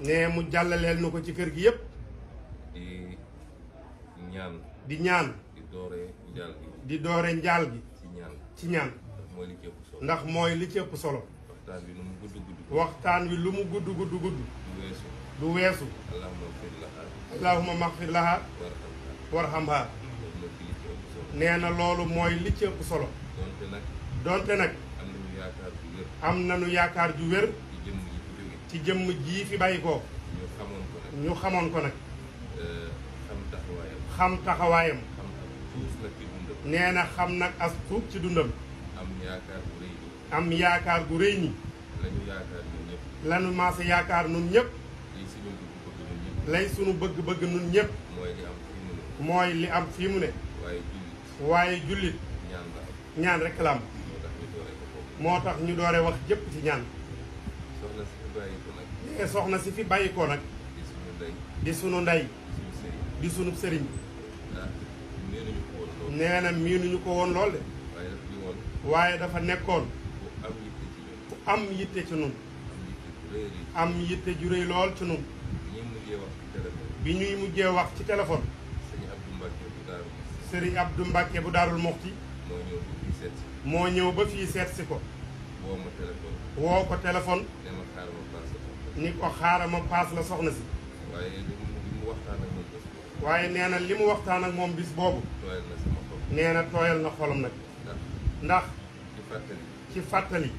ne mu jàllaleel na ko ci kër gi yépp di ñaan. di doore njaal gi. di doore njaal gi. ci ñaan ndax mooy li ci solo. waxtaan wi lu mu gudd gudd. waxtaan wi mu gudd gudd gudd. du weesu. du weesu. nee na loolu mooy li ci solo. donte nag. donte nag. am nañu yaakaar ju wér. am nañu yaakaar ju wér. ci jëmm jii fi bàyyi ko. ñu xamoon ko nag. ñu euh, xam taxawaayam. nee na xam nag as ci dundam. am yaakaar gu rëy ñi am yaakaar lañu yaakaar ñëpp. maase yaakaar ñun ñëpp. lay sunu bëgg-bëgg ñun ñëpp. mooy li am fii mu ne. waaye jullit. waaye jullit. ñaan la am. moo tax ñu doore wax jëpp ci ñaan. Eh, soxna si fi bàyyi ko nag. di sunu ndey. di sunu sëriñ. nee na miinuñu ko woon lool waaye dafa nekkoon. ku am yitte ci ñun. am yitte ju lool ci ñun. bi ñuy mujjee wax ci téléphone. sëriñ Abdou Mbacke bu Daarul Moxti. moo ñëw ba fii seetsi ko. woo ko téléphone. ni ko xaaral ma paas la soxna si. waaye waxtaan ak moom bés waaye nee na li waxtaan ak moom bis boobu. tooyal na sama na tooyal na ndax. ci fàttali.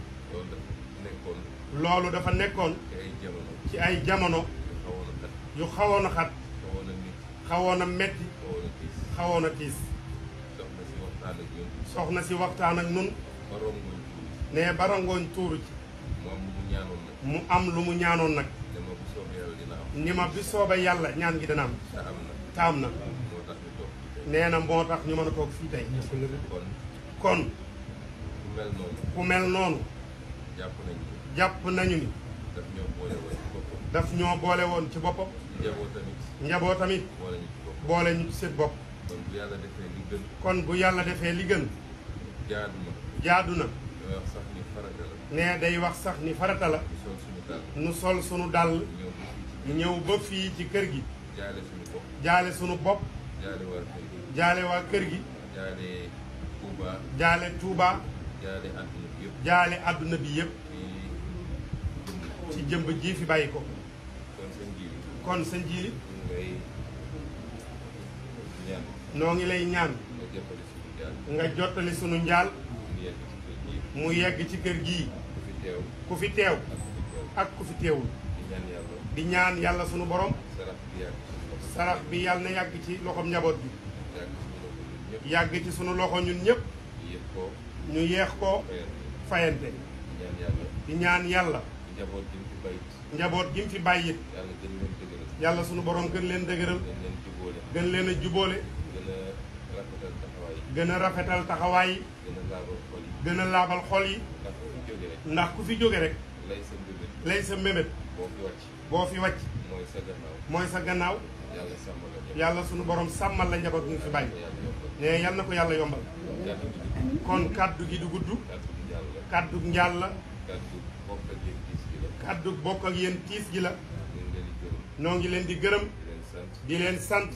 loolu dafa nekkoon. ci ay jamono. yu xawoon a xawoon a metti. xawoon a tiis. si waxtaan ak ñun. soxna si tuuru ci. mu am lu mu ñaanoon nag. ni ma bi sooba yàlla ñaan gi dana taam na. nee na moo tax ñu man a toog fii tey. kon. ku mel noonu. jàpp nañu ni. jàpp daf ñoo boole woon ci boppam. njaboo tamit. boole ñu ci bopp. kon bu yàlla defee li gën. jaadu na. nee day wax sax ni farata la. nu sol sunu dàll. ñëw ba fii ci kër gi. jaale sunu bopp. jaale sunu waa kër gi. jaale waa jaale àdduna bi yëpp. ci jëmb ji fi bàyyi ko. kon seen jiili. noo ngi lay ñaan. nga jottali sunu njaal. mu yegg ci kër gi ku fi teew ak ku fi teewul di ñaan yàlla sunu borom sarax bi yàlla na yàgg ci loxoom njaboot bi yàgg ci sunu loxo ñun ñëpp ñu yeex ko fayante di ñaan yàlla njaboot gi mu fi bàyyit yàlla sunu borom gën leen dëgëral gën leen a jubóole gën a rafetal taxawaay gën a laabal xol yi ndax ku fi jóge rek lay sa mbébét boo fi wàcc mooy sa gannaaw yàlla sunu borom sàmmal la njaboot ñu fi bàyyi nee eh, yal na ko yàlla yombal kon kàddu gi du gudd kàddu njaal la kàddu bokk ak yéen tiis gi la noo ngi leen di gërëm di leen sant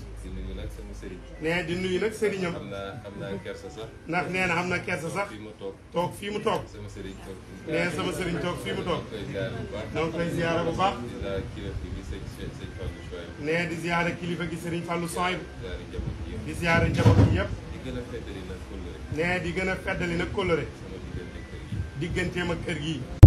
sëriñ nee di nuyu nag sëriñam. am naa am naa sax. ndax nee na am na kerse sax. fii mu toog toog fii mu toog. sama sëriñ toog nee sama sëriñ toog fii mu toog. nee di ziyaara kilifa gi sëriñ Fallou Soy. di ziyaara njaboot yi yëpp. nee di gën a feddali nag kóllëre. digganteem ak kër gi.